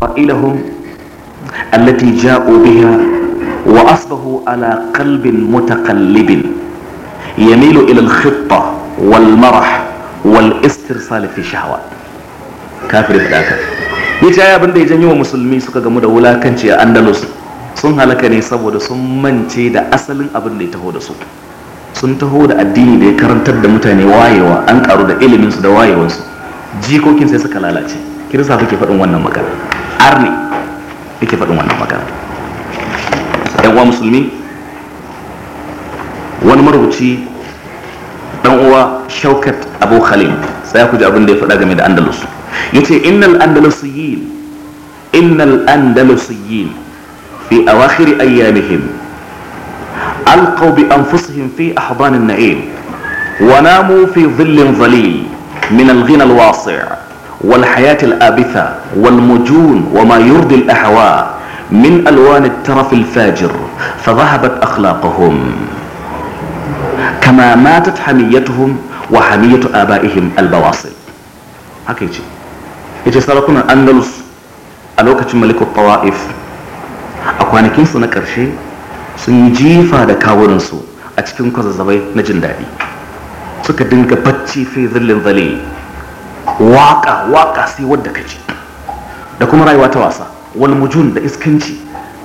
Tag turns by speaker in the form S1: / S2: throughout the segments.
S1: قائلهم التي جاءوا بها وأصبحوا على قلب متقلب يميل إلى الخطة والمرح والاسترسال في الشهوات كافر فداك yace ai abin da ya janyo wa musulmi suka gamu da wulakanci a andalus sun halaka ne saboda sun mance da asalin abin da ya taho da su sun taho da addini da ya karantar da mutane wayewa an karu da iliminsu da wayewansu jikokin sai suka lalace kirista kuke faɗin wannan magana arni yake faɗin wannan magana yan uwa musulmi wani marubuci dan uwa shaukat abu khalil sai ku ji abin da ya faɗa game da andalus yace innal andalusiyin innal andalusiyin fi awakhir ayyamihim alqaw bi anfusihim fi ahdan an-na'im wa namu fi ظل ظليل من الغنى الواسع والحياة ا والمجون وما يرضي ا من ألوان الترف الفاجر فذهبت أخلاقهم كما ماتت حميتهم وحمية آبائهم البواصل هكذا يجي سرقنا ا ل أ ن الطوائف أ ك و ا ن ك كاورنسو أ ت ك ن ك سكدنك باتشي في ظل ظليل waka waka sai wadda ka ji da kuma rayuwa ta wasa wani mujun da iskanci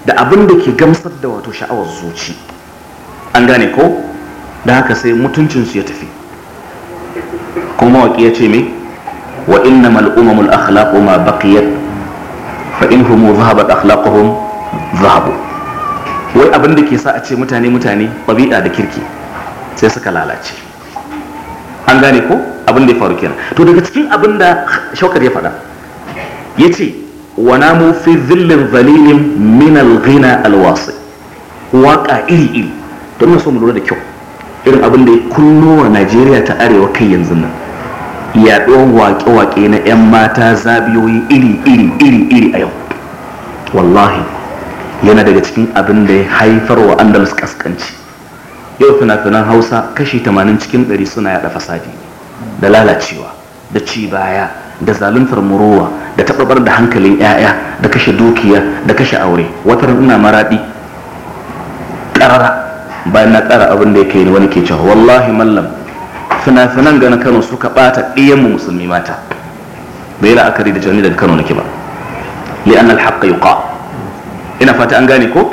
S1: da abin da ke gamsar da wato sha'awar zuci an gane ko da haka sai mutuncinsu ya tafi kuma mawaƙi ya ce mai wa inna mal'umamul akhlaqu ma baqiyat fa in humu zahabat akhlaquhum zahabu wai abin da ke sa a ce mutane mutane ɗabi'a da kirki sai suka lalace an gane ko abin da ya faru kenan to daga cikin abin da shaukar ya faɗa ya ce wa namu fi zillin zalilin min alghina alwasi waƙa iri iri don na so mu lura da kyau irin abin da ya kullu wa najeriya ta arewa kai yanzu nan yaɗuwar waƙe-waƙe na 'yan mata zabiyoyi iri iri iri iri a yau wallahi yana daga cikin abin da ya haifar wa andalus kaskanci yau fina-finan hausa kashi 80 cikin 100 suna yaɗa fasadi da lalacewa da ci baya da zaluntar murowa da tababar da hankalin 'ya'ya da kashe dukiya da kashe aure wata ina maraɗi ƙarara bayan na ƙara abin da yake wani ke cewa wallahi mallam fina-finan ga kano suka ɓata mu musulmi mata bai yi la'akari da jami'a daga kano nake ba li'an alhaƙa yuqa ina fata an gane ko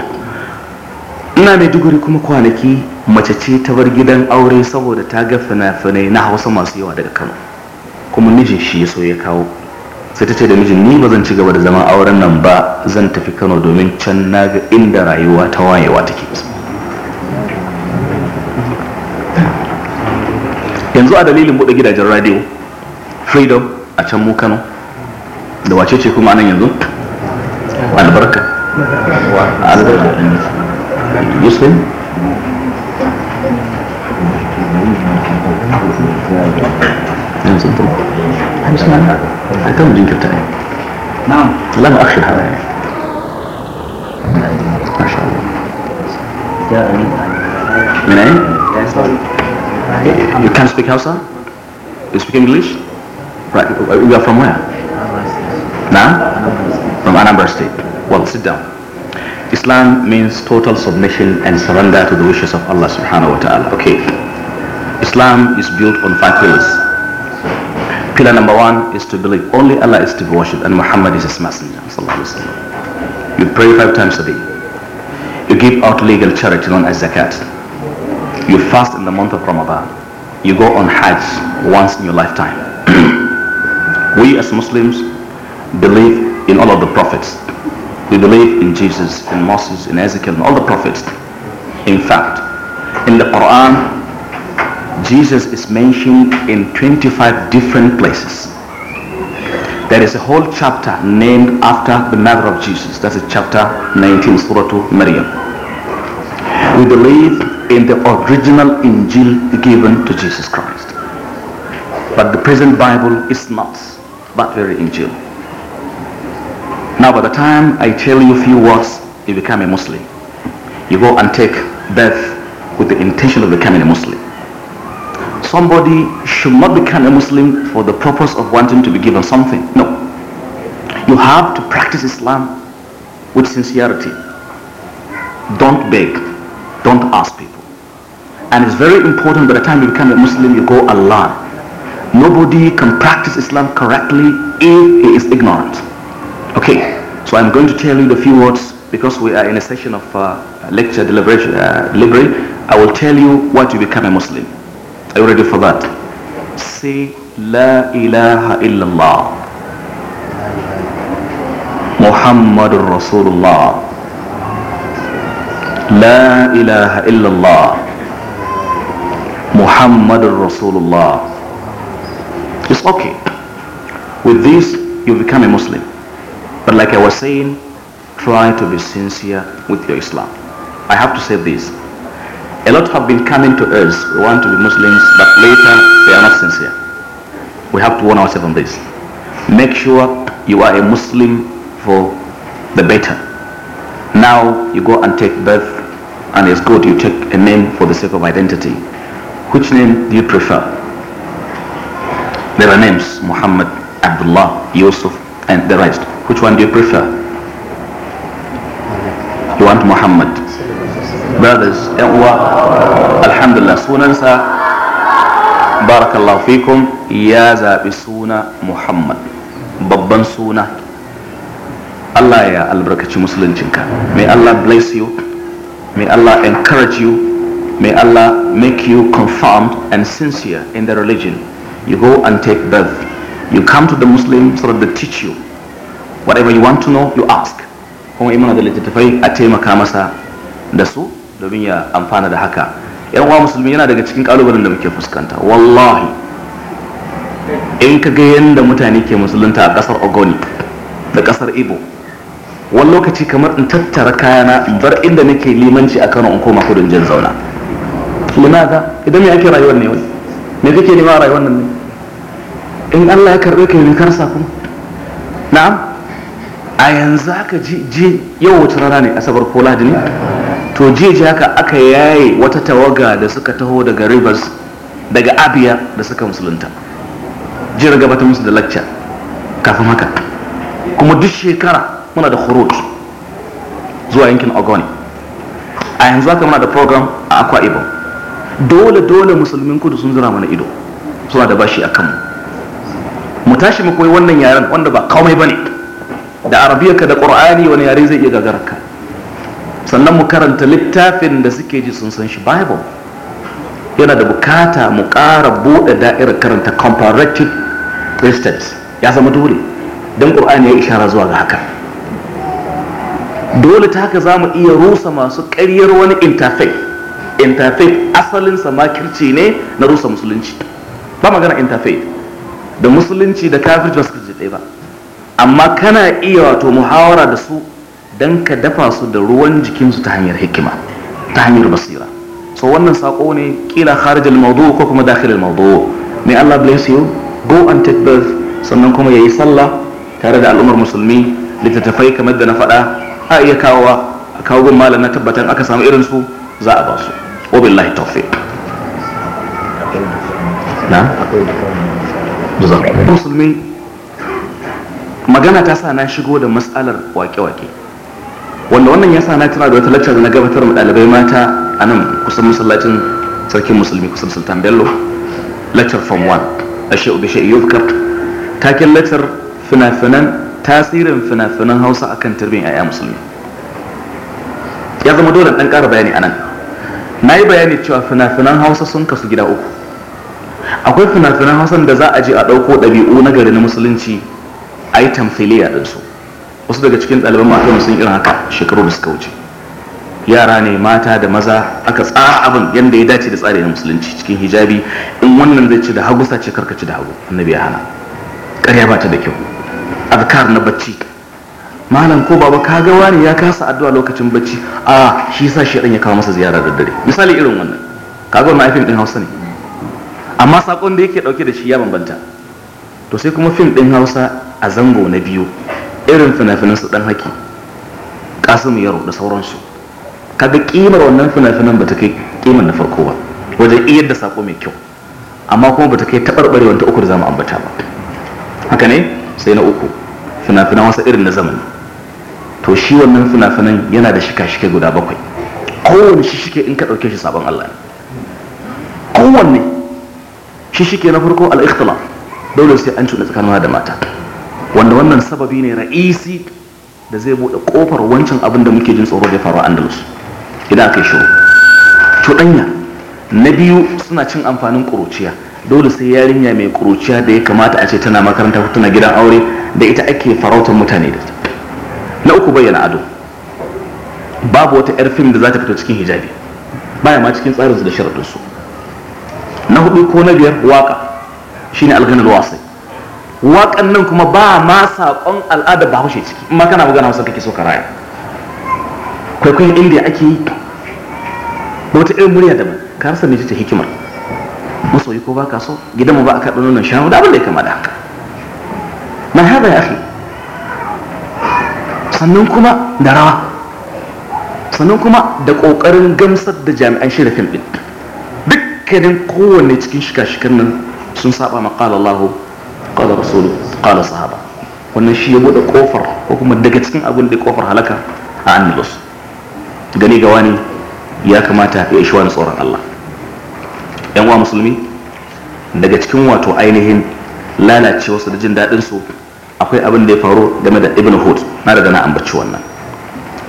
S1: ina mai duguri kuma kwanaki mace ce ta bar gidan aure saboda ta ga fina-finai na hausa masu yawa daga kano kuma mijin shi ya so ya kawo sai ta ce da mijin ni ba zan ci gaba da zaman auren nan ba zan tafi kano domin can na ga inda rayuwa ta wayewa take yanzu a dalilin buɗe gidajen radio freedom a can mu kano da wace ce kuma nan yanzu albarka albarka muslim لازم طب مش معنى هتم دين كبتاعي نعم لا بأخشى الحلقة ما شاء الله من أين؟ You can not speak Hausa? You speak English? Right. Uh, you are from where? Now? From Anambra State. Well, sit down. Islam means total submission and surrender to the wishes of Allah subhanahu wa ta'ala. Okay. Islam is built on five pillars. Pillar number one is to believe only Allah is to be worshipped and Muhammad is his messenger. You pray five times a day. You give out legal charity known as zakat. You fast in the month of Ramadan. You go on Hajj once in your lifetime. we as Muslims believe in all of the prophets. We believe in Jesus, in Moses, in Ezekiel, and all the prophets. In fact, in the Quran, Jesus is mentioned in 25 different places. There is a whole chapter named after the mother of Jesus. That's a chapter 19, Surah to Maryam. We believe in the original Injil given to Jesus Christ. But the present Bible is not that very Injil. Now by the time I tell you a few words, you become a Muslim. You go and take birth with the intention of becoming a Muslim somebody should not become a Muslim for the purpose of wanting to be given something. No. You have to practice Islam with sincerity. Don't beg. Don't ask people. And it's very important by the time you become a Muslim, you go Allah. Nobody can practice Islam correctly if he is ignorant. Okay, so I'm going to tell you the few words because we are in a session of uh, lecture deliberation, uh, delivery. I will tell you what you become a Muslim. Are you ready for that? Say La ilaha illallah. Muhammad Rasulullah. La ilaha illallah. Muhammad Rasulullah. It's okay. With this, you become a Muslim. But like I was saying, try to be sincere with your Islam. I have to say this. A lot have been coming to us. We want to be Muslims, but later they are not sincere. We have to warn ourselves on this. Make sure you are a Muslim for the better. Now you go and take birth, and it's good you take a name for the sake of identity. Which name do you prefer? There are names Muhammad, Abdullah, Yusuf, and the rest. Which one do you prefer? You want Muhammad. brothers yan uwa alhamdulillah sunansa barakallahu fikum ya zaɓi suna muhammad babban suna allah ya albarkaci musuluncinka may allah bless you may allah encourage you may allah make you confirmed and sincere in the religion you go and take birth you come to the muslim so that they teach you whatever you want to know you ask kuma imana da littattafai a taimaka masa da su domin ya amfana da haka yan uwa musulmi yana daga cikin kalubalen da muke fuskanta wallahi in ka ga yadda mutane ke musulunta a kasar ogoni da kasar ibo wani lokaci kamar in tattara kayana in bar inda nake limanci a kano in koma kudin jin zauna limaza idan me ake rayuwar ne wani me kake nema rayuwar nan ne in allah ya karbe ka yi karsa kuma na'am a yanzu haka ji yau wace rana ne asabar ko lahadi ne to jiya haka aka yaye wata tawaga da suka taho daga rivers daga abia da suka musulunta jiya gabatar musu da lacca kafin haka kuma duk shekara muna da khuruj zuwa yankin ogoni a yanzu haka muna da program a akwa ibo dole dole musulmin kudu sun zira mana ido suna da bashi a kanmu mu tashi mu koyi wannan yaren wanda ba kawai bane da Arabiyarka da qur'ani wani yare zai iya gagararka sannan mu karanta littafin da suke ji sun san shi bible yana da bukata mu ƙara buɗe da'irar karanta comparative christians ya zama dole don ƙur'ani ya ishara zuwa ga haka dole ta haka za mu iya rusa masu ƙaryar wani interfaith interfaith asalin samakirci ne na rusa musulunci ba magana interfaith da musulunci da kafirci ba su ɗaya ba amma kana iya wato muhawara da su don ka dafa su da ruwan jikinsu ta hanyar hikima ta hanyar basira so wannan sako ne kila kharij al ko kuma dakhil al may Allah bless you go and take birth sannan kuma yayi sallah tare da al'ummar musulmi littattafai kamar da na faɗa a iya kawowa kawo gun malam na tabbatar aka samu irin su za a ba su wa tawfiq na musulmi magana ta sa na shigo da matsalar wake-wake wanda wannan ya sa na tuna da wata lacca na gabatar da ɗalibai mata a nan kusan masallacin sarkin musulmi kusan sultan bello laccar form 1 a shi'u shi shi'u yufkar taken laccar fina-finan tasirin fina-finan hausa akan turbin 'ya'ya musulmi ya zama dole ɗan ƙara bayani a nan na yi bayani cewa fina-finan hausa sun kasu gida uku akwai fina-finan da za a je a ɗauko ɗabi'u na gari na musulunci a yi tamfiliya ɗinsu wasu daga cikin ɗaliban mata sun irin haka shekaru da suka wuce yara ne mata da maza aka tsara abin yadda ya dace da tsari na musulunci cikin hijabi in wannan zai ci da hagu sace karka ci da hagu annabi ya hana ƙarya ba ta da kyau azkar na bacci malam ko baba ka ga wani ya kasa addu'a lokacin bacci a shi sa shi ya kawo masa ziyara da dare misali irin wannan kaga wannan fim din Hausa ne amma sakon da yake ɗauke da shi ya bambanta to sai kuma fim ɗin Hausa a zango na biyu irin fina-finan su dan haki kasimu yaro da sauransu kaga kimar wannan fina-finan ba ta kai kimar na farko ba wajen iyar da sako mai kyau amma kuma ba ta kai taɓarɓarewar wanda uku da zamu ambata ba haka ne sai na uku fina-finan wasa irin na zamani to shi wannan fina-finan yana da shika-shike guda bakwai kowane shi shike in ka ɗauke shi sabon Allah ne kowanne shi shike na farko al-ikhtilaf dole sai an tuna tsakanin da mata wanda wannan sababi ne ra'isi da zai bude kofar wancan abin da muke jin tsoro da faru a andalus idan aka yi shiru cuɗanya na biyu suna cin amfanin ƙuruciya dole sai yarinya mai ƙuruciya da ya kamata a ce tana makaranta ko tana gidan aure da ita ake farautar mutane da ta na uku bayyana ado babu wata 'yar fim da za ta fito cikin hijabi baya ma cikin tsarinsu da sharaɗinsu na hudu ko na biyar waka shine alganar wasai Waƙannan nan kuma ba ma saƙon al'adar ba hushe ciki in ma kana magana wasu kake so ka raya kwaikwayon indiya ake yi Ba wata irin murya da ka rasa mai ta hikimar masoyi ko ba ka so gidan mu ba a kaɗa nunan shanu da abinda ya kama da haka na haɗa ya ake sannan kuma da rawa sannan kuma da ƙoƙarin gamsar da jami'an shirya fim ɗin dukkanin kowanne cikin shika-shikan nan sun saba maƙalallahu qala rasulu qala sahaba wannan shi ya buɗe kofar ko kuma daga cikin abin da kofar halaka a annulus. gani ga wani ya kamata ya ishi wani tsoron Allah yan wa musulmi daga cikin wato ainihin lalacewarsu da jin daɗin su akwai abin da ya faru game da ibn hud na daga na ambaci wannan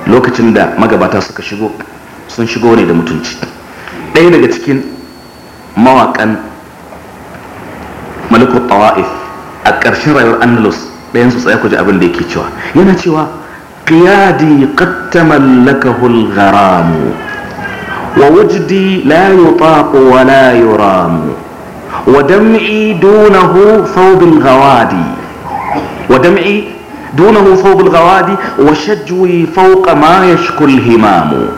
S1: lokacin da magabata suka shigo sun shigo ne da mutunci ɗaya daga cikin mawaƙan malikul tawa'if a ƙarshen rayuwar annalus ɗayan su tsaya ku ji abin da yake cewa yana cewa qiyadi qad tamallakahu al-gharam wa wajdi la yutaqu wa la yuram wa dam'i dunahu thawb al-ghawadi wa dam'i dunahu thawb al-ghawadi wa shajwi fawqa ma yashku al-himam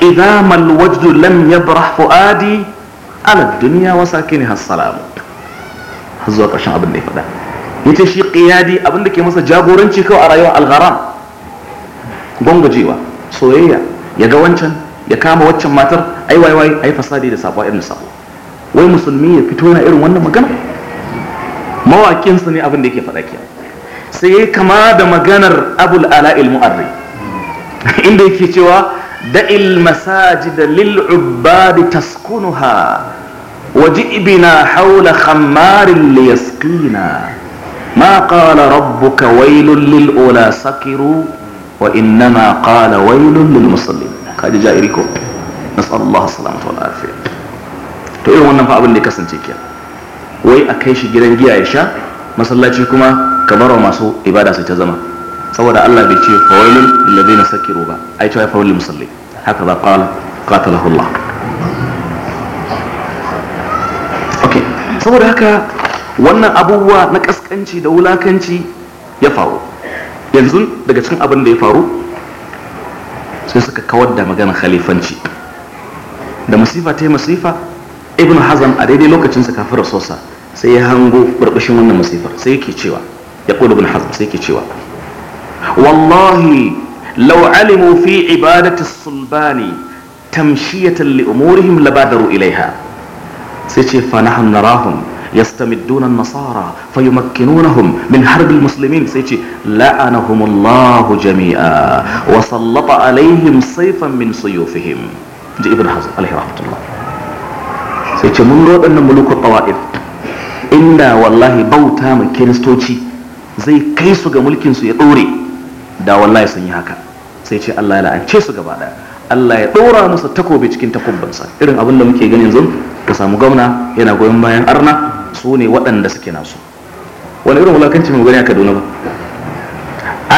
S1: idha ma al-wajd lam yabrah fuadi ala ad-dunya wa sakinha as-salam zuwa ƙarshen abin da ya faɗa yace shi qiyadi abin da ke masa jagoranci kawai a rayuwa algharam gwangwajewa soyayya ya ga wancan ya kama waccan matar ai wai wai ai fasadi da sabo irin sabo wai musulmi ya fito na irin wannan magana mawaƙinsa ne abin da yake faɗa ke sai yayi kama da maganar abul ala ala'il mu'arri inda yake cewa da'il masajid lil ubbad taskunuha waji ibina haula khammarin liyasqina ما قال ربك ويل للأولى سكروا وإنما قال ويل للمصلين قال جائركو نسأل الله السلامة والعافية تقول لهم أنهم فأبن لك سنتيكيا وي أكيش جرنجي عيشا ما صلى الله عليكم كبروا ما سوء إبادة ستزمة سوال الله بيتشير فويل للذين سكروا با أي توا يفعل للمصلين هكذا قال قاتله الله أوكي هكذا wannan abubuwa na ƙasƙanci da wulakanci ya faru yanzu daga cikin abin da ya faru sai suka kawar da magana khalifanci da masifa ta yi masifa ibn hazan a daidai lokacinsa kafin rasosa sai ya hango ɓarɓashin wannan masifar sai yake cewa ya ƙudu ibn hazan sai yake cewa wallahi fi لو علموا في عبادة الصلبان تمشية Sai ce fa na فنحن نراهم يستمدون النصارى فيمكنونهم من حرب المسلمين سيتي لعنهم الله جميعا وسلط عليهم سيفا من سيوفهم دي ابن حزم عليه رحمة الله سيتي من رود أن ملوك الطوائف إن والله بوتا من كيرستوتي زي كيسو ملكين سيطوري دا والله سنيهاك سيتي الله لا أنشيسو قبالا Allah ya ɗora masa takobi cikin takobinsa irin abin da muke gani yanzu ka samu gwamna yana goyon bayan arna su ne waɗanda suke nasu wani irin wulakanci mai gani a kaduna ba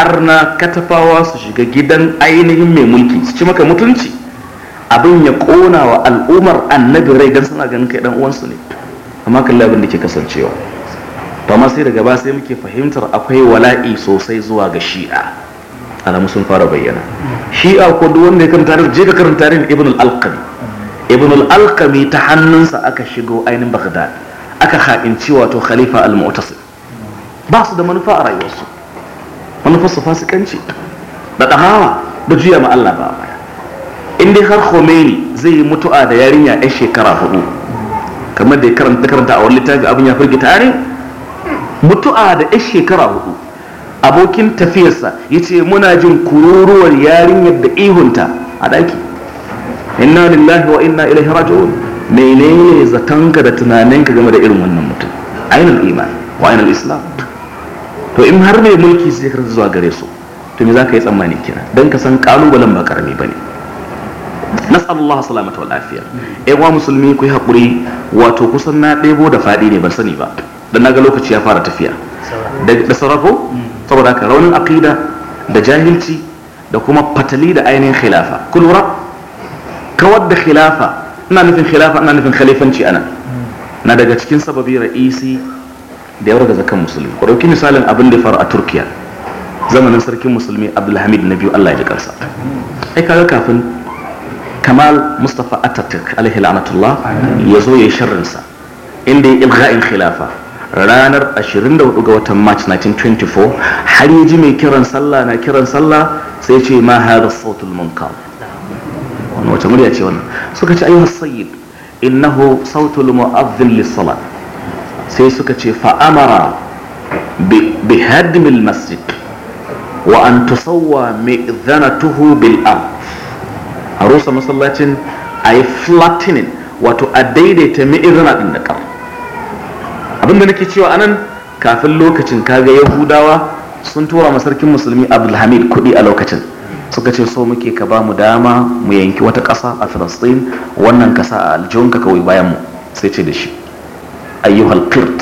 S1: arna katafawa su shiga gidan ainihin mai mulki su ci maka mutunci abin ya kona wa al'ummar annabi rai don suna ganin kai dan uwansu ne amma kalli abin da ke kasancewa to amma sai daga ba sai muke fahimtar akwai wala'i sosai zuwa ga shi'a alamu sun fara bayyana shi'a ko duk wanda ya karanta je karanta tarihin ibn al-alqami ibn al-alqami ta hannunsa aka shigo ainihin baghdad aka haɗinci wato khalifa al-mu'tasim ba su da manufa a rayuwarsu manufar su fasikanci da ɗahawa da juya ma Allah ba baya in dai har Khomeini zai yi mutu'a da yarinya 'yan shekara hudu kamar da ya karanta karanta a wani littafi abin ya firgita ne mutu'a da 'yan shekara hudu abokin tafiyarsa ya ce muna jin kururuwar yarinyar da ihunta a ɗaki inna lillahi wa inna ilaihi raji'un menene zatonka da tunaninka game da irin wannan mutum ainihin iman wa ainihin islam to in har mai mulki sai ka zuwa gare su to me za ka yi tsammani kira don ka san kalubalen ba karami ba ne nasallallahu salamata wa lafiya ai wa musulmi ku yi haƙuri wato kusan na ɗebo da faɗi ne ban sani ba na ga lokaci ya fara tafiya da sarrafo saboda ka raunin aƙida da jahilci da kuma fatali da ainihin khilafa kulura kawar da khilafa ina nufin khilafa ina nufin khalifanci ana na daga cikin sababi ra'isi da yawar da kan musulmi ku dauki misalin abin da ya faru a turkiya zamanin sarkin musulmi abdulhamid na biyu allah ya ji kansa ai kaga kafin kamal mustafa Atatürk alaihi la'anatullah ya zo ya yi sharrinsa inda ya ilga'in khilafa ranar 24 ga watan march 1924 har ya ji mai kiran sallah na kiran sallah sai ce ma hada sautul munkar wace murya ce wannan suka ce ayyuhas sayyid innahu sautul mu'adhdhin lis-salat sai suka ce fa'amara bi hadmil masjid wa an tusawwa mi'dhanatuhu bil ard a rusa masallacin a yi flattening wato a daidaita mi'izana din da kar abinda nake cewa anan kafin lokacin kaga yahudawa sun tura masarkin musulmi abdulhamid kuɗi a lokacin suka ce so muke ka ba mu dama mu yanki wata ƙasa a filistin wannan kasa a aljihunka kawai bayan mu sai ce da shi ayyuhal qirt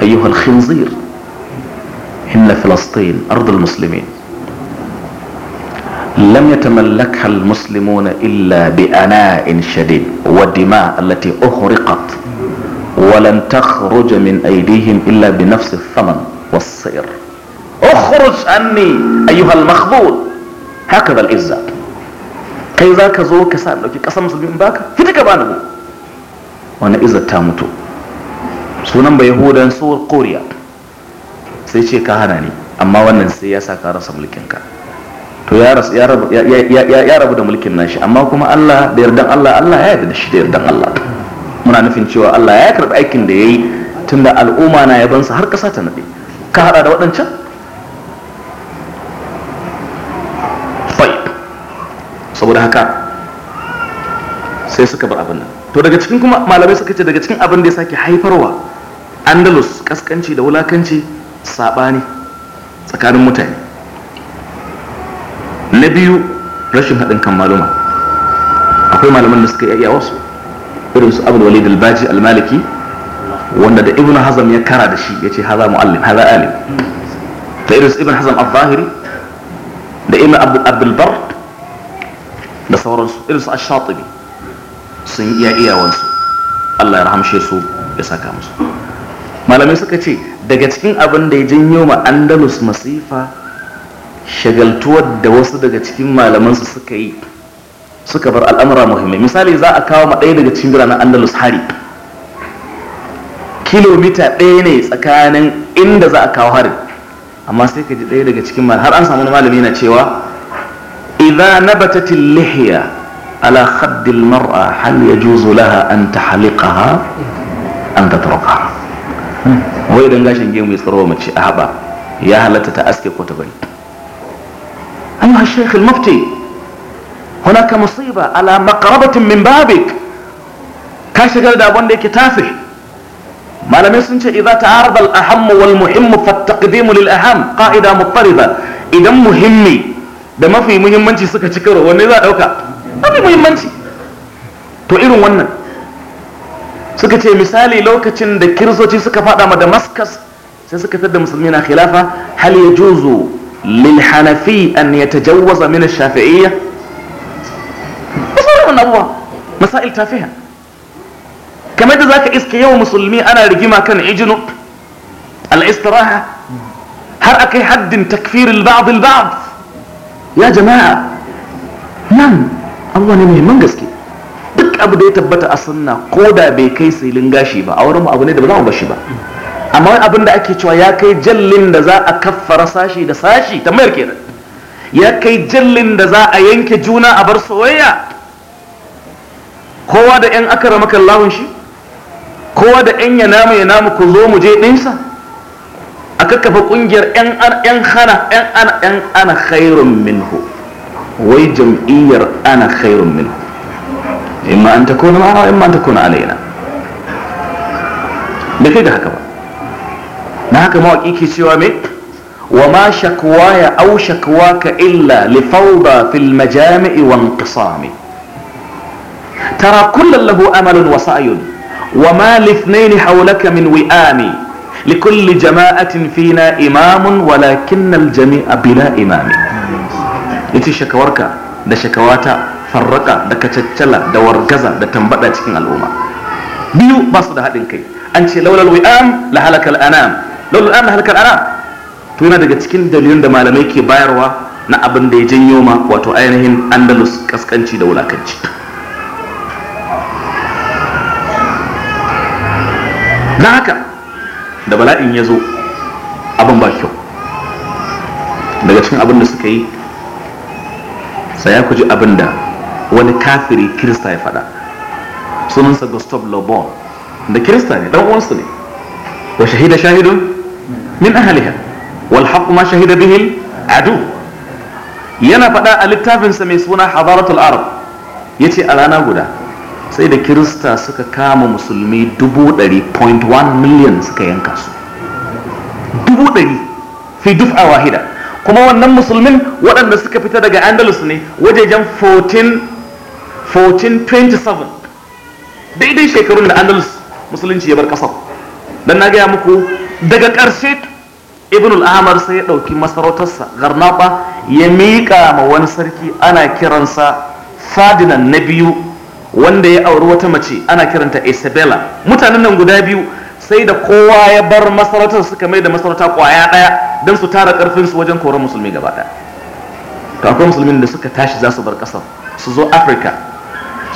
S1: ayyuhal khinzir inna filistin ardul muslimin لم يتملكها المسلمون إلا بأناء شديد والدماء التي أخرقت ولن تخرج من أيديهم إلا بنفس الثمن والسير اخرج عني أيها المخبول haka da izza kai za ka zo ka sa ɗauki ƙasar musulmi in baka fita ka bani mu wani izzar ta mutu sunan bai yahudan tsohon koriya sai ce ka hana ne amma wannan sai ya sa ka rasa mulkinka to ya rabu da mulkin nashi amma kuma allah da yardan allah allah ya yarda da shi da yardan allah muna nufin cewa allah ya karɓi aikin da ya yi tunda al'umma na yabansa har ƙasa ta naɗe ka haɗa da waɗancan saboda haka sai suka bar abin nan to daga cikin kuma malamai suka ce daga cikin abin da ya sake haifarwa andalus kaskanci da wulakanci saɓani tsakanin mutane na biyu rashin haɗin kan maluma akwai malaman da suka iya wasu irin su abu walid al-baji al-maliki wanda da ibn hazam ya kara da shi ya ce haza mu'allim haza alim da irin su ibn hazam al-zahiri da ibn abdul bar da sauransu irinsu a shatibi sun iya iyawansu allah ya rahamshe su ya saka musu malamai suka ce daga cikin abin da ya janyo ma andalus masifa shagaltuwar da wasu daga cikin malamansu suka yi suka bar al'amura muhimmai misali za a kawo ma ɗaya daga cikin biranen andalus hari kilomita ɗaya ne tsakanin inda za a kawo hari amma sai ka ji ɗaya daga cikin malamai har an samu malami na cewa إذا نبتت اللحية على خد المرأة هل يجوز لها أن تحلقها أن تتركها وهي دنجاش نجيهم يصروا ومتش أحبا يا هل تتأسكي كتبين أيها الشيخ المفتي هناك مصيبة على مقربة من بابك كاش قال دابون دي كتافه ما لم يسنش إذا تعرض الأهم والمهم فالتقديم للأهم قاعدة مضطربة إذا مهمي da mafi muhimmanci suka ci karo wanne za a ɗauka mafi muhimmanci to irin wannan suka ce misali lokacin da kiristoci suka faɗa ma damascus sai suka fitar da musulmi na khilafa hal ya juzo lil hanafi an ya tajawwaza min shafi'iyya misalin abubuwa masail tafiya kamar da zaka iska yawan musulmi ana rigima kan ijinu al-istiraha har akai haddin takfiril ba'd al-ba'd ya jama'a nan abubuwa ne muhimman gaske duk abu da ya tabbata a sunna ko da bai kai silin gashi ba a wurin mu abu ne da ba za mu bashi ba amma wani abin da ake cewa ya kai jallin da za a kaffara sashi da sashi tambayar kenan ya kai jallin da za a yanke juna a bar soyayya kowa da yan aka rama lahun shi kowa da yan ya namu ya namu ku zo mu je ɗinsa a kakkafa kungiyar yan yan hana yan ana yan ana khairun minhu wai jam'iyyar ana khairun minhu imma an takuna ma'ana wa imma an takuna alaina bai kai da haka ba na haka mawaƙi ke cewa me wa ma shakwaya au shakwaka illa li fawda fil majami'i wa inqisami tara kullan lahu amalun wa sa'yun wa ma lithnayn hawlaka min wi'ami likulli jama'atin fina imamun walakinnal jami'a bila imami yace shakawarka da shakawata farraka da kacaccala da wargaza da tambada cikin al'umma biyu basu da haɗin kai an ce laulal wi'am la halakal anam laulal anam la halakal anam to daga cikin dalilin da malamai ke bayarwa na abin da ya janyo ma wato ainihin andalus kaskanci da wulakanci na haka da bala'in ya zo abin ba kyau daga cikin abin da suka yi saya ku ji abin da wani kafiri kirista ya faɗa sunansa gustav lobon da kirista ne dan uwansu ne wa shahida shahidun min ahliha wal haqq ma shahida bihi adu yana faɗa a littafinsa mai suna hadaratul arab yace a rana guda sai da kirista suka kama musulmi 100.1 miliyan suka yanka su 100 fi a wahida kuma wannan musulmin waɗanda suka fita daga andalus ne wajejen 1427 daidai shekarun da andalus musulunci ya bar ƙasar don na gaya muku daga ƙarshe ibn al'amar sai ya ɗauki masarautarsa garnaɓa ya miƙa ma wani sarki ana kiransa fadinan na biyu wanda ya auri wata mace ana kiranta isabella mutanen nan guda biyu sai da kowa ya bar masarautar suka mai da masarauta kwaya daya don su tara karfin su wajen koran musulmi gaba daya to akwai musulmin da suka tashi za su bar kasar su zo afirka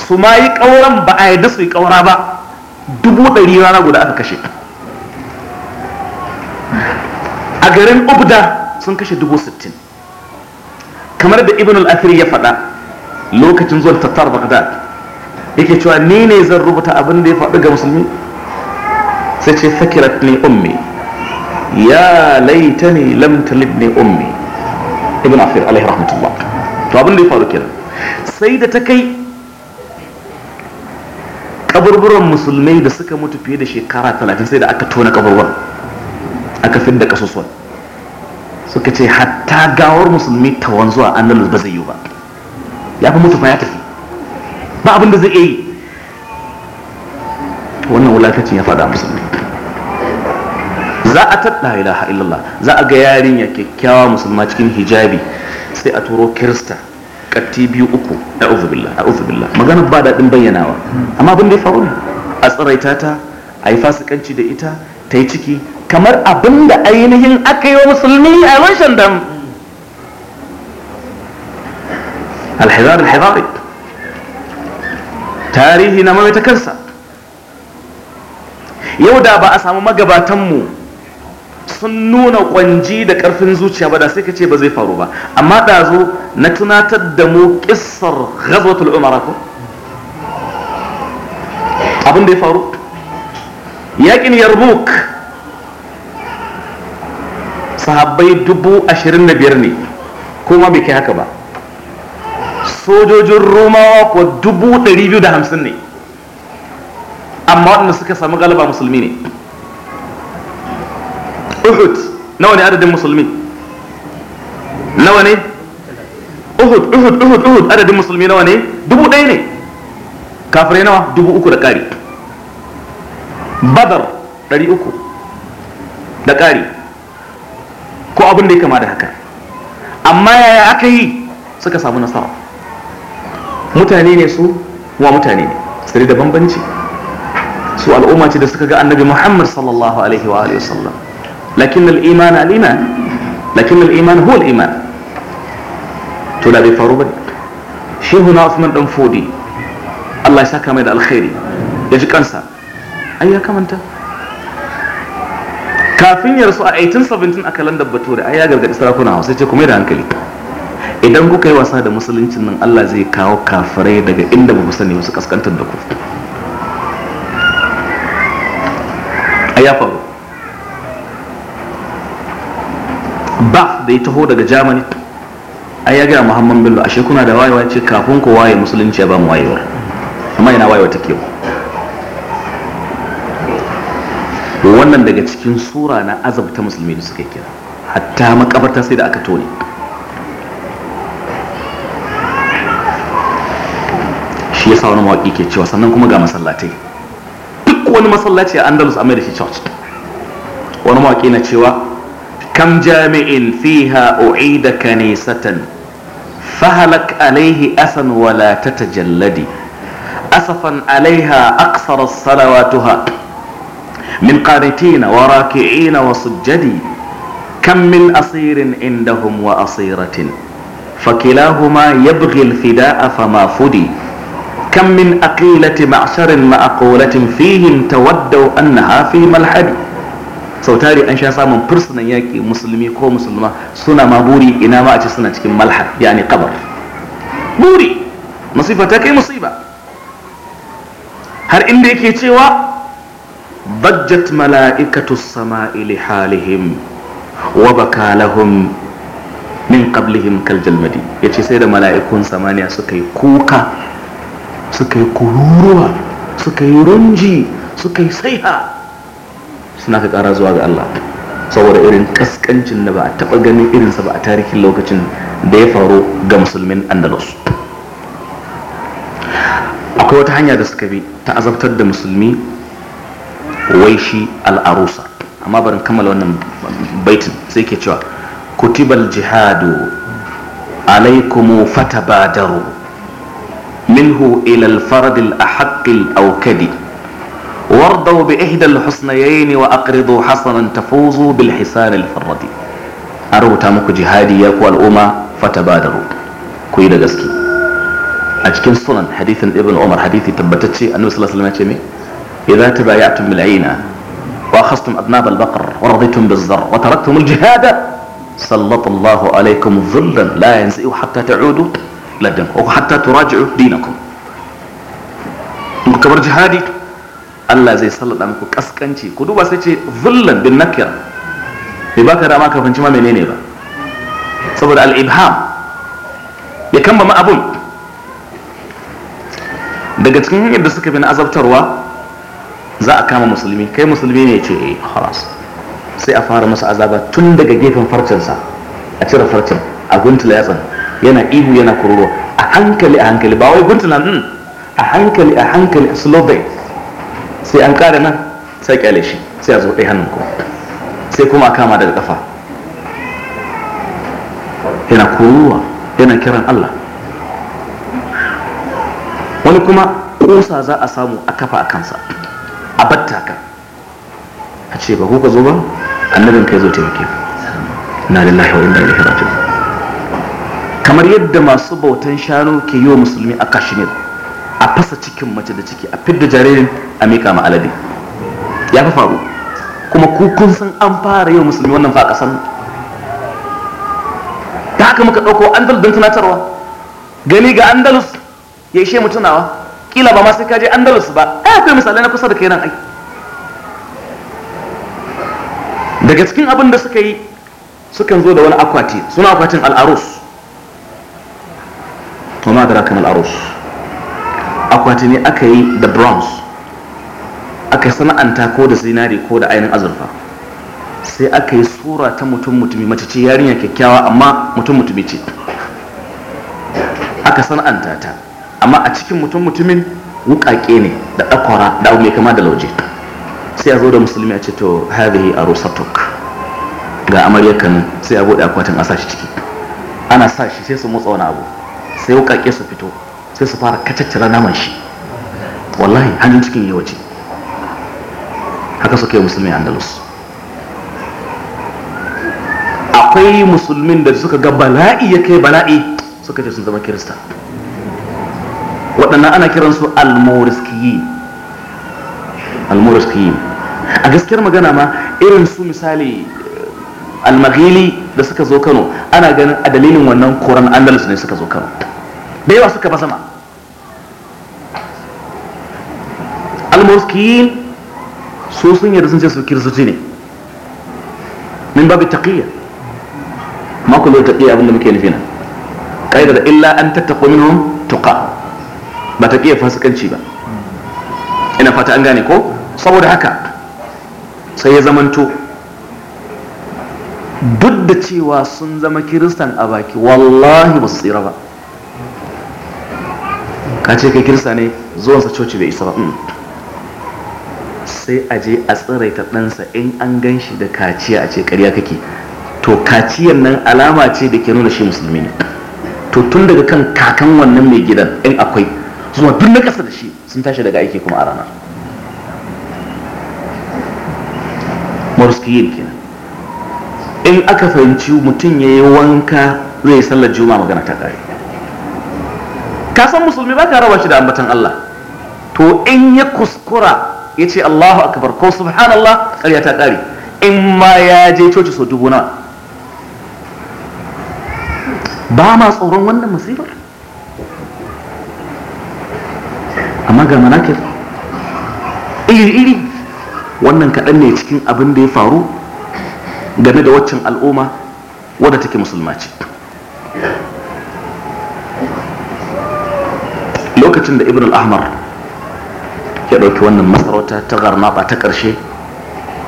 S1: su ma yi kauran ba a yadda su yi kaura ba dubu ɗari rana guda aka kashe a garin ubda sun kashe dubu sittin kamar da ibn al-athir ya faɗa lokacin zuwan tattar bagdad yake cewa ni ne zan rubuta abin da ya faɗi ga musulmi sai ce fakirat ne ummi ya laita ne lam talib ne ummi ibn afir alaihi rahmatullah to abin da ya faru kenan sai da ta kai kaburburan musulmai da suka mutu fiye da shekara talatin sai da aka tona kaburburan aka da kasusuwan suka ce hatta gawar musulmi ta wanzuwa annalus ba zai yi ba ya fi mutu fa ya tafi ba abin da zai iya yi wannan wulakacin ya faɗa musulmi za a taɗa ilaha illallah za a ga yarinya kyakkyawa musulma cikin hijabi sai a turo kirista katti biyu uku a billah magana ba daɗin bayyanawa amma abin da ya faru ne a tsiraita ta a yi fasikanci da ita ta yi ciki kamar abin da ainihin aka yi wa musulmi a yawan shandam alhizar alhizar tarihi na mamaita kansa yau da ba a samu magabatanmu sun nuna kwanji da karfin zuciya ba da sai ka ce ba zai faru ba amma ɗazu na tunatar da mu ƙisar ghazwatul umara ko abin da ya faru yaƙin yarbuk sahabbai dubu ashirin da biyar ne kuma bai kai haka ba sojojin romawa ko dubu ɗari biyu da hamsin ne amma waɗanda suka samu galaba musulmi ne uhud nawa ne adadin musulmi nawa ne uhud uhud uhud uhud adadin musulmi nawa ne dubu ɗaya ne kafirai nawa dubu uku da ƙari badar ɗari uku da ƙari ko abin da ya kama da haka amma yaya aka yi suka samu nasara mutane ne su wa mutane ne su da bambanci su al'umma ce da suka ga annabi muhammad sallallahu alaihi wa alihi wasallam lakin al-iman al-iman lakin al-iman huwa al-iman to da bai faru ba shi huna usman dan fodi Allah ya saka mai da alkhairi ya ji kansa ai ya kamanta kafin ya rasu a 1817 a kalandar bature ai ya gargadi sarakuna sai ce kuma da hankali idan kuka yi wasa da musuluncin nan Allah zai kawo kafirai daga inda ba ku sani wasu kaskantar da ku a ya faru ba da ya taho daga germany a ya gaya Muhammadu bello ashe kuna da wayewa ce kafin ku waye musulunci ya ba mu wayewar amma yana wayewa ta kewa wannan daga cikin sura na azabta musulmi da suka kira hatta makabarta sai da aka tone mawaki ke cewa sannan kuma ga masallatai duk wani masallaci a andalus a da church wani mawaki na cewa kam jami'in fiha u'ida kanisatan fahalak alaihi asan wala tatajalladi asafan alaiha aksar salawatuha min wa من wa sujjadi kam min asirin indahum wa asiratin فكلاهما يبغي الفداء فما فدي كم من أقيلة معشر مأقولة فيهم تودوا أنها في ملحد sau tari an sha samun fursunan yaƙi musulmi ko musulma suna ma buri ina ma a suna cikin malhar yani kabar buri musifa ta kai musiba har inda yake cewa bajjat mala'ikatu sama'i li halihim wa baka lahum min qablihim kal jalmadi yace sai da mala'ikun samaniya suka yi kuka suka yi kururuwa suka yi runji suka yi saiha suna ka kara zuwa ga Allah saboda irin kaskancin da ba a taba ganin irinsa ba a tarihin lokacin da ya faru ga musulmin andalus akwai wata hanya da suka bi ta azabtar da musulmi wai shi al'arusa amma barin kammala wannan baitin sai ke cewa kutibal jihadu alaikumu fatabadaru منه إلى الفرد الأحق الأوكد وارضوا بإحدى الحسنيين وأقرضوا حسنا تفوزوا بالحسان الفرد أرو تامك جهادي يكوى الأمة فتبادروا كويدا جسكي أجكين سنن حديث ابن عمر حديث تبتتشي أنه صلى الله عليه وسلم إذا تبايعتم بالعينة وأخذتم أذناب البقر ورضيتم بالزر وتركتم الجهاد سلط الله عليكم ظلا لا ينزئ حتى تعودوا laddinku ko hatta turaji'u dinakum in ku jihadi Allah zai sallada muku kaskanci ku duba sai ce zullan bin nakira bai baka dama ka fahimci ma menene ba saboda al-ibham ya kamba ma abun daga cikin yadda suka bi na azabtarwa za a kama musulmi kai musulmi ne ce eh haras sai a fara masa azaba tun daga gefen farcinsa a cire farcin a guntula yatsan yana ihu yana kururo a hankali a hankali ba wai guntuna nan hmm. a hankali a hankali a slow bait sai an kare nan sai kyale shi sai a zo ɗaya hannun ku sai kuma a kama daga kafa yana kururuwa, yana kiran Allah wani kuma kusa za a samu a kafa a kansa a batta ka a ce ba ko ka zo ba annabin kai zo taimake na lillahi wa inna ilaihi raji'un kamar yadda masu bautan shanu ke yi wa musulmi a kashmir a fasa cikin mace da ciki a fidda jaririn a miƙa ma alade ya fi faru kuma kukun kun san an fara wa musulmi wannan fa kasan ta haka muka ɗauko andalus don tunatarwa gani ga andalus ya ishe mu tunawa kila ba ma sai kaje andalus ba ai akwai misalai na kusa da kai nan ai daga cikin abin da suka yi sukan zo da wani akwati suna akwatin al'arus wa ma adraka mal arus ne aka yi da bronze aka sana'anta ko da zinari ko da ainihin azurfa sai aka yi sura ta mutum mutumi mace ce yarinya kyakkyawa amma mutum mutumi ce aka sana'anta ta amma a cikin mutum mutumin wukake ne da ɗakwara da abu mai kama da lauje sai a zo da musulmi a ce to hadhihi arusatuk ga amaryar kanu sai a buɗe akwatin a sa shi ciki ana sa shi sai su motsa wani abu sai wukake su fito sai su fara kacaccara naman shi wallahi hannun cikin yi wace haka suke musulmi andalus akwai musulmin da suka ga bala'i ya kai bala'i suka ce sun zama kirista waɗannan ana kiransu almoriskiyi almoriskiyi a gaskiyar magana ma irin su misali almagili da suka zo kano ana ganin a dalilin wannan koran andalus ne suka zo kano da yawa suka bazama almuskiyin su sun yarda sun ce su kiristoci ne min babu taqiyya ma ku zo taqiyya abinda muke nufi nan kaida da illa an tattaqu minhum tuqa ba taqiyya fasikanci ba ina fata an gane ko saboda haka sai ya zamanto duk da cewa sun zama kiristan a baki wallahi ba su tsira ba ka ce kai kirsa ne zuwansa coci bai isa ba hmm. sai a je a tsiraita ɗansa in an gan shi da kaciya a ce ƙarya kake to kaciyan nan alama ce da ke nuna shi musulmi ne to tun daga kan kakan wannan mai gidan in akwai zuwa duk na ƙasa da shi sun tashi daga aiki kuma a rana yin kenan in aka fahimci mutum ya yi wanka zai sallar juma magana ta ƙare Kasan musulmi ba ka raba shi da ambatan Allah to in ya kuskura ya ce Allahu akbar ko subhanallah ƙarya ta ƙari in ma ya je coci so dubu na ba ma tsoron wannan musibar amma ga manakir iri-iri wannan kaɗan ne cikin abin da ya faru game da waccan al'umma wadda take musulma ce lokacin da ibn al-ahmar ya dauki wannan masarauta ta ba ta karshe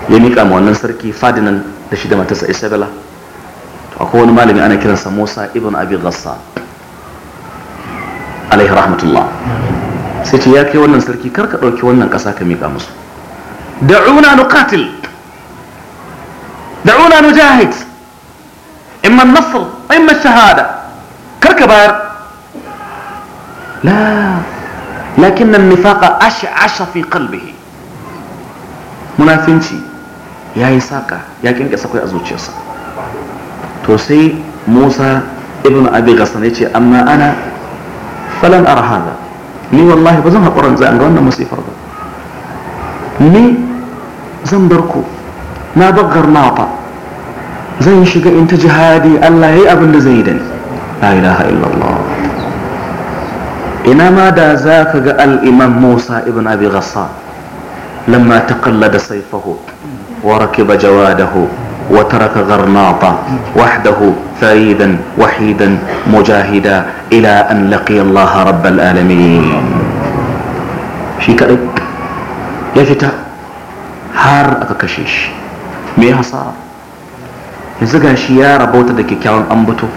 S1: ya mika ma wannan sarki fadinan da shi da matarsa isabella akwai wani malami ana kiransa musa ibn abi ghassa alaihi rahmatullah sai ce ya kai wannan sarki kar ka dauki wannan kasa ka mika musu da'una nuqatil da'una nujahid imma nasr imma shahada kar ka bayar لا لكن النفاق أشعش في قلبه munafinci ya yi saƙa ya ƙinƙa sakwai a zuciyarsa to sai musa ibn abi ghassan ya ce amma ana falan arhada ni wallahi ba zan haƙuran zan ga wannan masifar ba ni zan bar ku na baggar nafa zan shiga in ta jihadi allah ya yi abin da zai yi da ni la ilaha illallah ina ma da za ka ga al'imam musa ibn abi ghassa lamma taqallada saifahu wa rakiba jawadahu wa taraka gharnata wahdahu faridan wahidan mujahida ila an laqiya Allah rabbal alamin shi kadai ya fita har aka kashe shi me hasara yanzu gashi ya rabauta da kyakkyawan ambuto.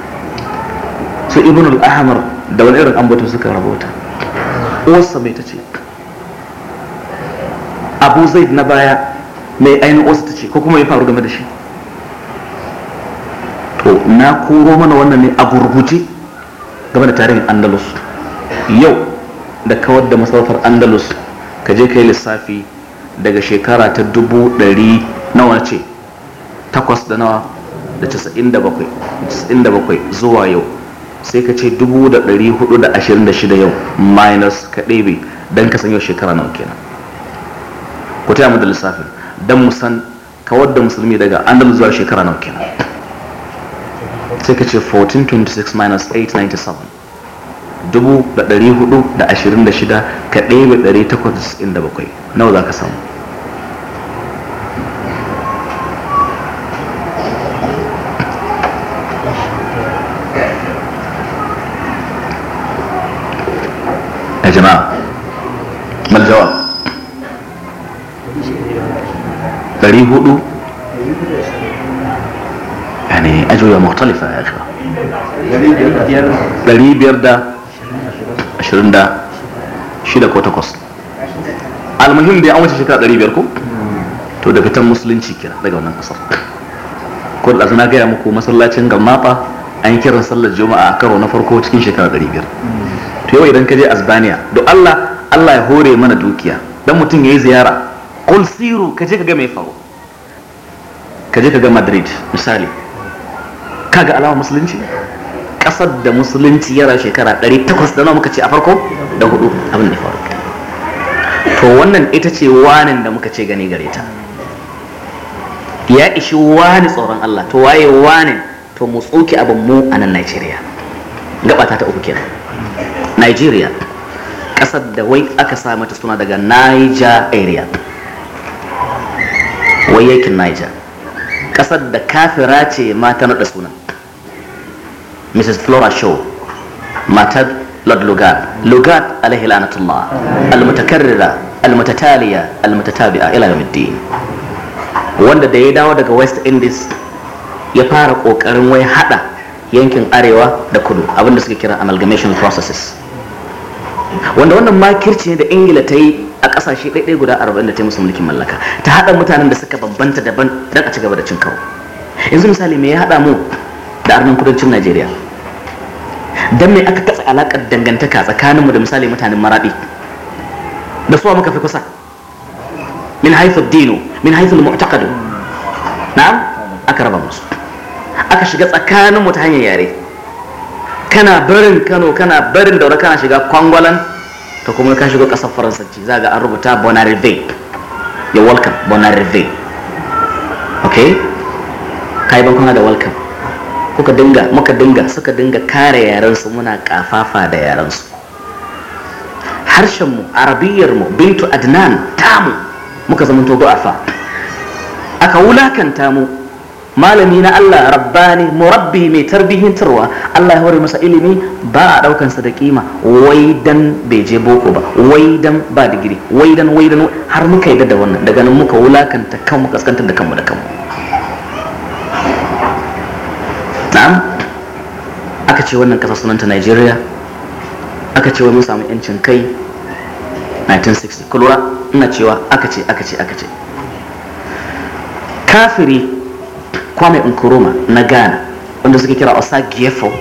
S1: su ibn al-ahmar da wani irin ambato suka rabauta uwarsa mai ta ce abu zaid na baya mai ainihin uwarsa ta ce ko kuma ya faru game da shi to na koro mana wannan ne a gurguje game da tarihin andalus yau da kawar da masarautar andalus ka je ka yi lissafi daga shekara ta dubu ɗari nawa ce takwas da nawa da casa'in da bakwai zuwa yau sai ka ce 426 yau minus ka ɗebe don ka san yau shekara nawa kenan ku taya mu da lissafin don mu san kawar da musulmi daga andal zuwa shekara nawa kenan sai ka ce 1426 minus 897 426 ka ɗebe 897 nawa za ka samu جماعة ما الجواب فريه هدو يعني أجوية مختلفة يا أخوة ɗari biyar da ashirin da shida ko takwas almuhim da ya amince shekara ɗari biyar ko to da fitan musulunci kira daga wannan ƙasar ko da na gaya muku masallacin gammafa an yi kiran sallar juma'a a karo na farko cikin shekara ɗari yau idan ka je asbaniya do allah allah ya hore mana dukiya dan mutum ya yi ziyara kul siru ka je ka ga mai faru ka je ka ga madrid misali ka ga alama musulunci kasar da musulunci yara shekara 800 da nawa muka ce a farko da hudu abin da faru to wannan ita ce wanin da muka ce gani gare ta ya ishi wani tsoron Allah to waye wanin to mu tsoki abin mu a nan Najeriya gaba ta uku kenan nigeria ƙasar da wai aka samu ta suna daga niger area wai yakin niger ƙasar da kafira ce mata naɗa suna mrs flora show matar lord lugard lugard alaihi lanatullah almutakarrira almutataliya almutatabi'a ila yawmiddin wanda da ya dawo daga west indies ya fara kokarin wai hada yankin arewa da kudu abinda suke kira amalgamation processes wanda wannan makirci ne da ingila ta yi a kasashe ɗaiɗai guda arba'in da ta yi musu mulkin mallaka ta haɗa mutanen da suka bambanta daban don a ci gaba da cin yanzu misali me ya haɗa mu da arnin kudancin najeriya don me aka katsa alaƙar dangantaka tsakaninmu da misali mutanen maraɗi da suwa muka fi kusa min haithu dino min haithu mu'taqadu na aka raba musu aka shiga tsakaninmu ta hanyar yare kana barin kano kana barin daura kana shiga kwangwalan ta kuma ka shiga kasar faransanci za ga an rubuta bonarive ya welcome bonarive ok ka yi bankuna da welcome kuka dinga muka dinga suka dinga kare yarensu muna kafafa da yarensu harshenmu arabiyyarmu bintu adnan tamu muka zama togo afa aka wulakanta mu malami na Allah rabbani murabbi mai tarbihintarwa Allah ya hore masa ilimi ba a daukansa da kima wai dan bai je boko ba wai dan ba digiri wai dan wai dan har muka yi da wannan daga nan muka wulakanta kanmu kaskantar da kanmu da kanmu na'am aka ce wannan kasar sunanta Nigeria aka ce wai mun samu yancin kai 1960 kulura ina cewa aka ce aka ce aka ce kafiri kwame nkuruma na ghana wanda suke kira Osa gefo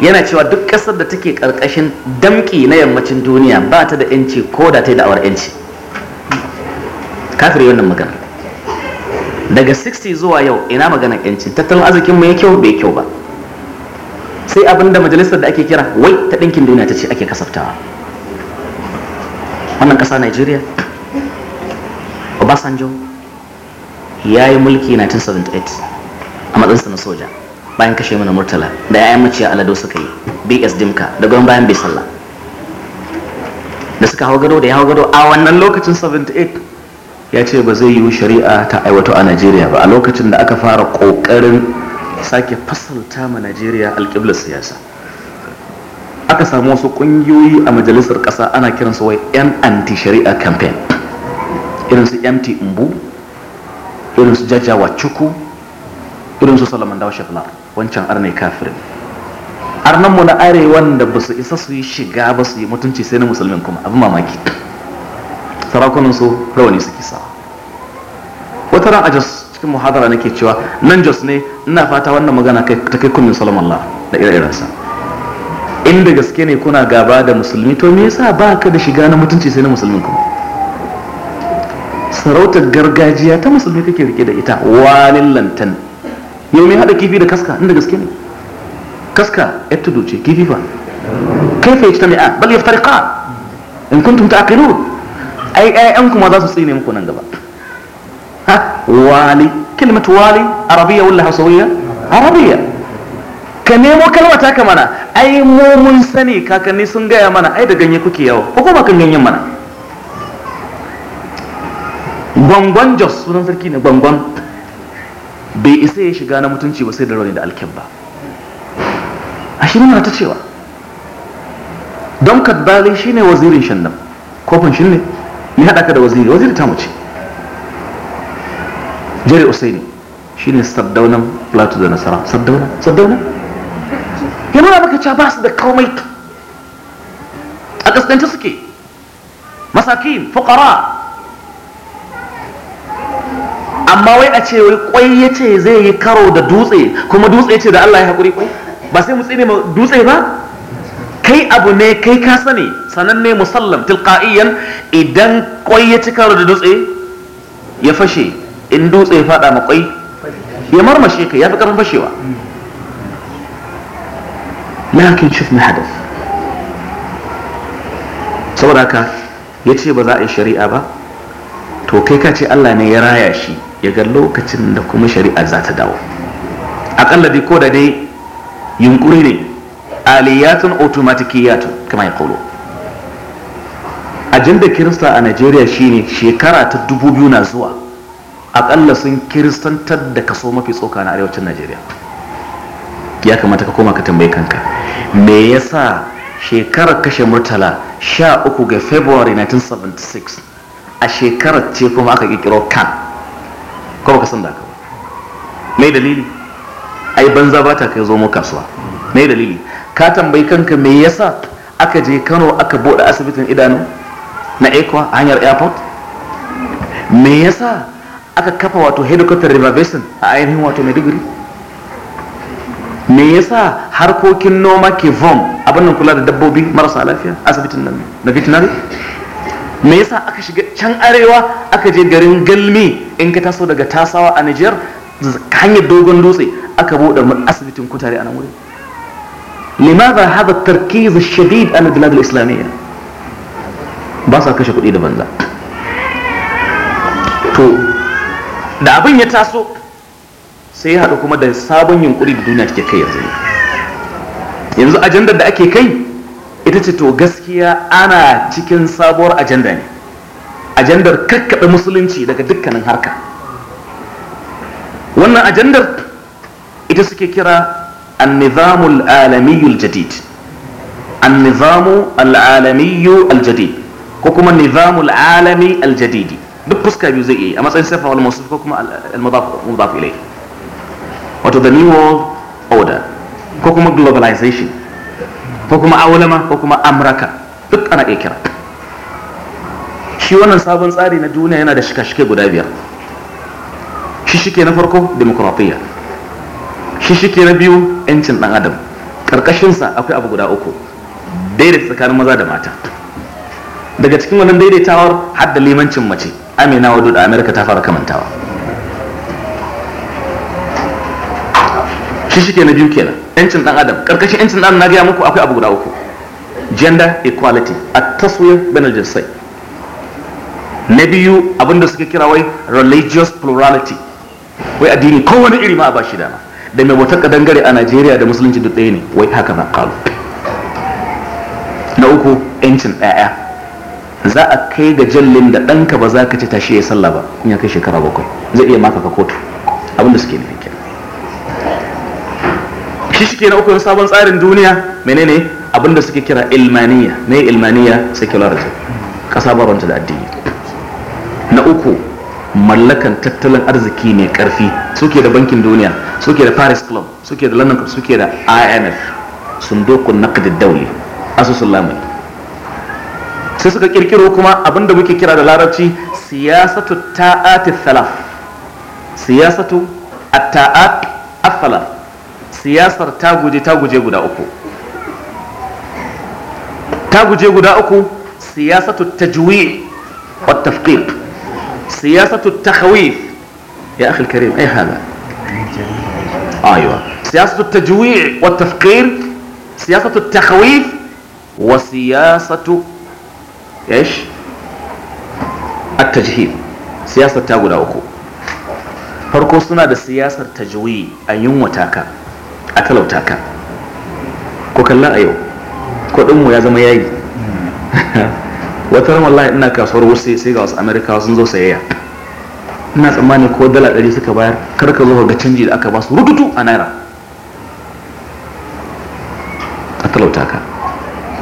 S1: yana cewa duk ƙasar da take ƙarƙashin damƙi na yammacin duniya ba ta da yanci ko da ta yi da'awar yanci kafir wannan magana daga 60 zuwa yau ina maganar yanci tattalin arzikin mu ya kyau bai kyau ba sai abin da majalisar da ake kira wai ta ɗinkin duniya ta ce ake kasaftawa wannan ƙasa nigeria obasanjo ya yi mulki 1978 a matsayinsa na soja bayan kashe mana murtala da 'ya'yan maciya alado suka yi bs dimka da gwamnan bayan bai sallah da suka hau gado da ya hau gado a wannan lokacin 78 ya ce ba zai yiwu shari'a ta aiwato a najeriya ba a lokacin da aka fara kokarin sake fasalta ma najeriya alƙiblar siyasa aka samu wasu ƙungiyoyi a majalisar ƙasa ana kiran su wai 'yan anti shari'a campaign irinsu mt mbu irinsu jajawa cuku irin su salaman washe shekla wancan arne kafirin arnan mu na arewan da ba su isa su yi shiga ba su yi mutunci sai na musulmin kuma abin mamaki sarakunan su rawani suke kisa wata ran a jos cikin muhadara nake cewa nan jos ne ina fata wannan magana ta kai kunnin la da ire-irensa inda gaske ne kuna gaba da musulmi to me yasa ba ka da shiga na mutunci sai na musulmin kuma sarautar gargajiya ta musulmi kake rike da ita walin lantan yau mai hada kifi da kaska inda gaske ne kaska ya tudu ce kifi fa Kai ya ci ta mai'a bal ya fitarika in kuntum ta aqilu ai ƴaƴan kuma za su tsine muku nan gaba ha wali kalmat wali arabiya wala hausawiya arabiya ka nemo kalma ta ka mana ai mu mun sani kakanni sun gaya mana ai da ganye kuke yawo ko kuma kan ganyen mana gwangwan jos sunan sarki ne gwangwan bai isa ya shiga na mutunci ba sai da rauni da ba a shi muna ta cewa don kadbali shine wazirin shannan kofin shi ne ya haɗa ka da waziri waziri ta mace Jere usaini shine saddaunan plato da nasara saddauna saddauna ya nuna maka cewa ba su da komai a kaskanta suke masakin fukara amma wai a ce wai kwai ya ce zai yi karo da dutse kuma dutse ce da Allah ya haƙuri kwai ba sai mu tsine ma dutse ba kai abu ne kai ka sani sananne musallam tilqa'iyan idan kwai ya ci karo da dutse ya fashe in dutse ya fada ma kwai ya marmashe ka ya fi karfin fashewa lakin shuf na hadas saboda haka ya ce ba za a yi shari'a ba to kai ka ce Allah ne ya raya shi ya ga lokacin da kuma shari'a za ta dawo akalla dai ko da dai yunkuri ne aliyatun automatikiyatun kama ya kaulo ajinda kirista a najeriya shine shekara ta dubu biyu na zuwa akalla sun kiristantar da kaso mafi tsoka na arewacin najeriya ya kamata ka koma ka tambayi kanka me yasa shekarar kashe murtala sha uku ga february 1976 a shekarar ce kuma aka kirkiro kan ko baka san da ka ba me dalili ai banza ba ta kai zo mu kasuwa me dalili ka tambayi kanka me yasa aka je Kano aka bude asibitin idanu na Ekwa hanyar airport me yasa aka kafa wato helicopter reservation a ainihin wato Maiduguri me yasa harkokin noma ke vom abin nan kula da dabbobi marasa lafiya asibitin nan na veterinary me yasa aka shiga can arewa aka je garin galmi in ka taso daga tasawa a nijar hanyar dogon dutse aka buɗe asibitin kutare a nan wuri limaza hada tarkiz shadid a bilad islamiyya ba sa kashe kuɗi da banza to da abin ya taso sai ya haɗu kuma da sabon yunkuri da duniya take kai yanzu yanzu ajandar da ake kai ita ce to gaskiya ana cikin sabuwar ajanda ne ajandar kakkaɓe musulunci daga dukkanin harka wannan ajandar ita suke kira annizamul alamiyul jadid annizamu al'alamiyu aljadid ko kuma nizamul al'alami aljadidi duk fuska biyu zai iya a matsayin sifa wal mawsuf ko kuma al ilai wato the new world order ko kuma globalization ko kuma aulama ko kuma amraka duk ana iya kira shi wannan sabon tsari na duniya yana da shika-shike guda biyar shi shike na farko demokratiya shi shike na biyu 'yancin dan adam karkashinsa akwai abu guda uku daidaita tsakanin maza da mata daga cikin wannan daidaitawar har da limancin mace amina wadu da amerika ta fara kamantawa shi shike na biyu kenan yancin dan adam karkashin yancin dan na gaya muku akwai abu guda uku gender equality a taswir benin jinsai na biyu abinda suke kira wai religious plurality wai addini kowane iri ma a bashi dama da mai wata kadangare a Najeriya da musulunci duk ɗaya ne wai haka na kalu na uku yancin ɗaya za a kai ga jallin da ɗanka ba za ka ci tashi ya sallah ba in ya kai shekara bakwai zai iya maka ka kotu abinda suke nufi shishike na uku sabon tsarin duniya menene abinda suke kira ilmaniya ne ilmaniya secularism kasa ba da addini na uku mallakan tattalin arziki ne karfi suke da bankin duniya suke da paris club suke da london club suke da inf sundokun naqdi dauli asusun lamuni sai suka kirkiro kuma abinda muke kira da larabci siyasatu ta'ati thalaf siyasatu at-ta'at siyasar ta guje ta guje guda uku ta guje guda uku siyasatu tajwi wa tafqiq siyasatu takhwif ya akhi alkarim ay hada ايوه wa tafqir siyasatu takhwif wa siyasatu ايش التجهيل سياسه تاغدا uku farko suna da siyasar tajwi a yunwata a talauta ka ko kalla a yau kuɗinmu ya zama yayi wata ramar wallahi ina kasuwar wasu sai ga wasu amerikawa sun zo sayayya ina tsammani ko dala ɗari suka bayar kar ka zo ga canji da aka ba su rututu a naira a talauta ka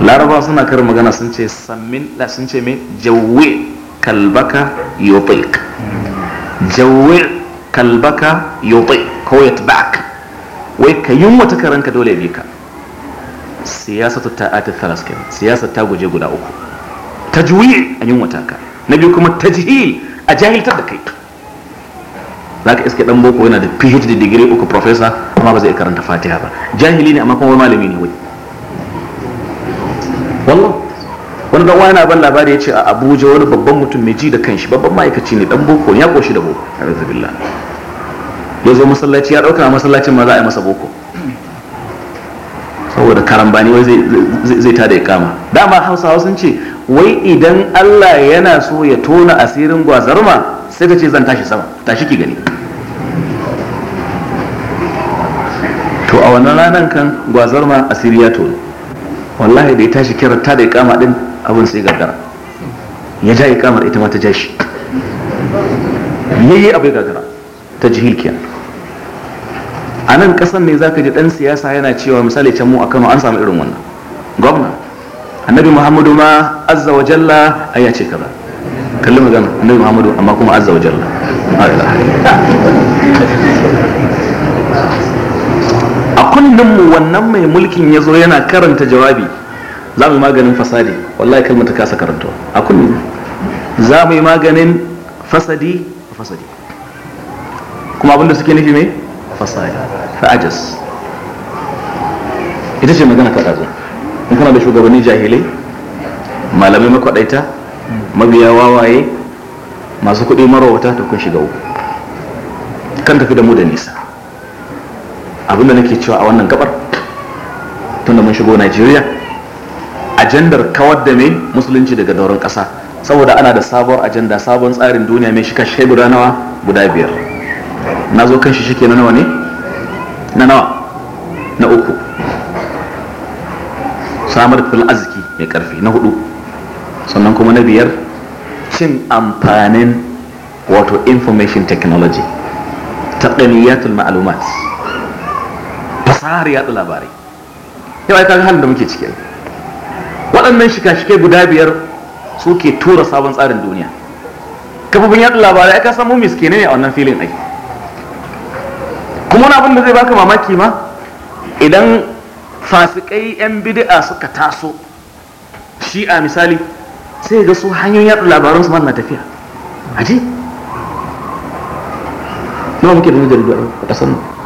S1: laraba suna karin magana sun ce sammin da sun ce mai jawwe kalbaka yotik hmm. jawwe kalbaka yotik ko yatba'ak wai ka wata karan karanka dole bika siyasa ta ta'atul thalas kenan siyasa ta guje guda uku tajwi a yin wata ka na biyu kuma tajhil a jahiltar da kai za ka iske dan boko yana da phd digiri uku professor amma ba zai karanta fatiha ba jahili ne amma kuma malami ne wai wallahi wani dan wani ban labari ya ce a abuja wani babban mutum mai ji da kanshi babban ma'aikaci ne dan boko ne ya koshi da boko rizabillah ya zo masallaci ya dauka masallacin ma za a yi masa boko saboda karambani wai zai tada ya kama dama hausawa sun ce wai idan allah yana so ya tona asirin gwazarma sai ka ce zan tashi sama tashi ki gani to a wannan ranar kan gwazarma asiri ya tona wallahi da ya tashi ta tada ya kama din abin sai gagara ya ja ya kamar ita ma ta ja shi yayi abin gagara ta jihil kenan a nan kasan ne zaka ji dan siyasa yana cewa misali can mu a Kano an samu irin wannan gwamna annabi Muhammadu ma azza wa jalla ai ya ce kaza kalli magana annabi Muhammadu amma kuma azza wa jalla a kullum mu wannan mai mulkin ya zo yana karanta jawabi za mu yi maganin fasadi wallahi kalmar ta kasa karanta, a kullum za mu yi maganin fasadi fasadi kuma abinda suke nufi mai fasaya fa'ajas ita ce magana ta ɗazu in kana da shugabanni jahilai malamai makwaɗaita mabiya wawaye masu kuɗi marawata da kun shiga uku kan tafi da mu da nisa abinda nake cewa a wannan gabar tunda mun shigo najeriya ajandar kawar da mai musulunci daga dauran ƙasa saboda ana da sabuwar ajanda sabon tsarin duniya mai shika shaibu ranawa guda biyar na zo kan shi shi na nawa ne na nawa na uku samar fil arziki mai karfi na hudu sannan kuma na biyar cin amfanin wato information technology ta ɗaniyatul ma'alumat fasahar yaɗa labarai yau kaga halin da muke ciki waɗannan shika-shike guda biyar suke tura sabon tsarin duniya kafofin yaɗa labarai aka samu miskene ne a wannan filin ai kuma wani abin da zai baka mamaki ma idan fasikai yan bid'a suka taso shi a misali sai ga su hanyoyin yadda labarun su na tafiya aji nawa muke da da a ƙasar